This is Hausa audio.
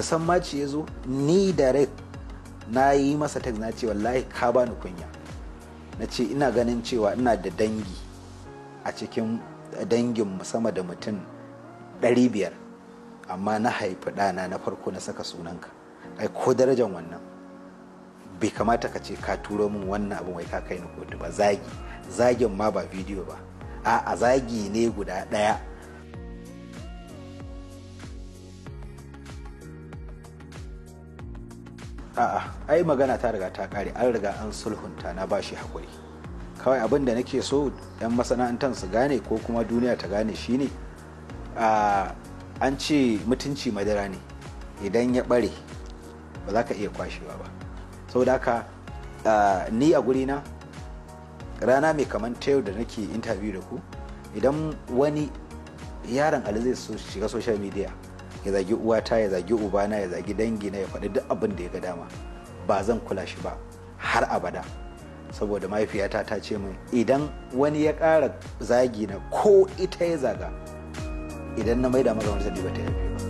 da san maci ya zo ni direct na yi masa text na ce wallahi ka bani kunya na ce ina ganin cewa ina da dangi a cikin dangin sama da mutum 500 amma na haifi ɗana na farko na saka sunanka ai ko darajan wannan bai kamata ka ce ka turo min wannan abin wai ka kai ni kotu ba zagi zagin ma ba bidiyo ba a zagi ne guda ɗaya a'a ai magana ta riga ta kare an riga an sulhunta na ba shi hakuri kawai abin da nake so 'yan masana'antar su gane ko kuma duniya ta gane shine a an ce mutunci madara ne idan ya bare ba za ka iya kwashewa ba saboda haka ni a gurina rana mai kaman ta yau da nake interview da ku idan wani yaron ali zai shiga social media ya zagi uwata ya zagi ubana ya zagi dangi na ya faɗi duk abin da ya ga dama ba zan kula shi ba har abada saboda mahaifiyata ta ce min idan wani ya ƙara zagi na ko ita ya zaga idan na da masa wani ba ta yafe ba